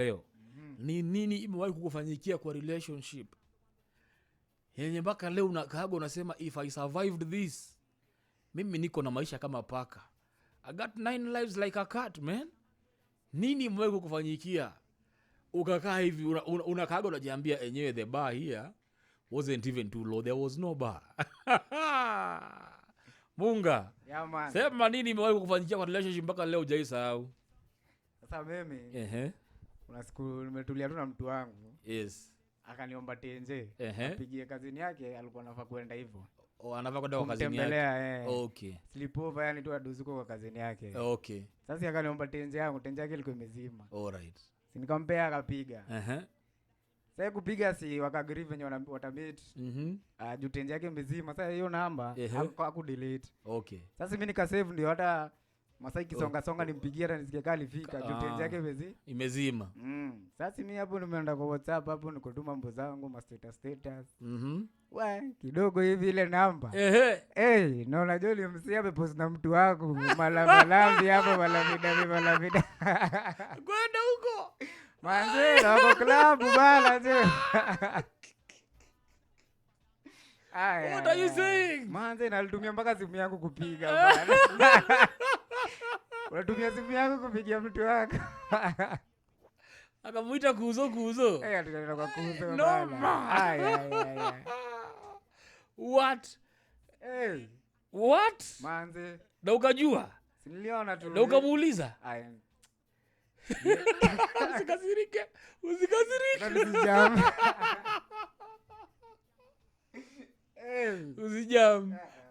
Leo mhm. ni nini imewahi kukufanyikia kwa relationship yenye mpaka leo unakaaga unasema, if I survived this, mimi niko na maisha kama paka. I got nine lives like a cat man. Nini imewahi kukufanyikia ukakaa hivi unakaaga unajiambia enyewe, the bar here wasn't even too low, there was no bar. Munga, yeah, sema nini imewahi kukufanyikia kwa relationship mpaka leo hujaisahau? Sasa mimi kuna siku nimetulia tu na mtu wangu yes, akaniomba tenje apigie kazini yake, alikuwa anafaa kuenda hivyo Oh, anafaa kwenda kwa kazini yake. Eh. Okay. yani tu aduzuko kwa kazini yake. Okay. Sasa akaniomba tenje yangu, tenje yake ilikuwa imezima. All right. nikampea akapiga. Eh uh-huh. Sasa kupiga si wakagrieve venye watamit. Mhm. Mm ah, yake imezima. Sasa hiyo namba uh-huh. Okay. Sasa mimi ndio hata Masai kisonga songa nimpigie hata nisikia kali fika juu ah. yake imezi imezima. Mm. sasi mimi hapo nimeenda kwa WhatsApp hapo nikutuma mambo zangu ma status status. hmm Wa kidogo hivi ile namba. Ehe. Eh, na unajua ni msi hapo post na mtu wako malamalambi hapo malamida malamida. Kwenda huko. Manze na kwa club bala je. What are you saying? Manze nalitumia mpaka simu yangu kupiga bana. unatumia simu yako kupigia mtu wako akamwita kuuzo kuuzo. Eh, eh, eh. Manze. Na ukajua? Na ukamuuliza? Usikasirike. Usikasirike. Usijam.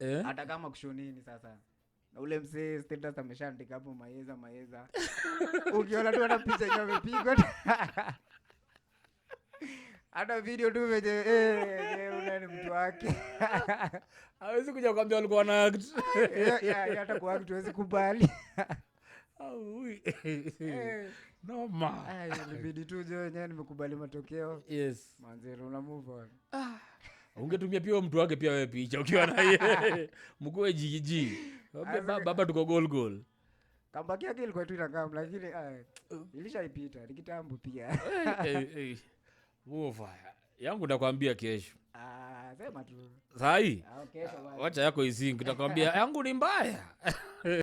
Eh? hata kama kushonini sasa na ule msee status ameshaandika hapo maeza maeza, ukiona tu hata picha yenyewe amepigwa hata video tu venye eh, eh, eh ni mtu wake hawezi kuja kuambia alikuwa na act hata kwa kitu hawezi kubali noma, ilibidi tu je wenyewe nimekubali matokeo. Yes manzi, una move on ah ungetumia pia mtu wake pia wewe picha ukiwa na yeye mkuwe jiji baba, tuko gol kambakia kile kwetu na kama lakini eh, ilishaipita ni kitambo pia huo yangu nakwambia kesho. Ah, sema tu. Sahi. Ah, Wacha yako izingi, nakwambia yangu ni mbaya.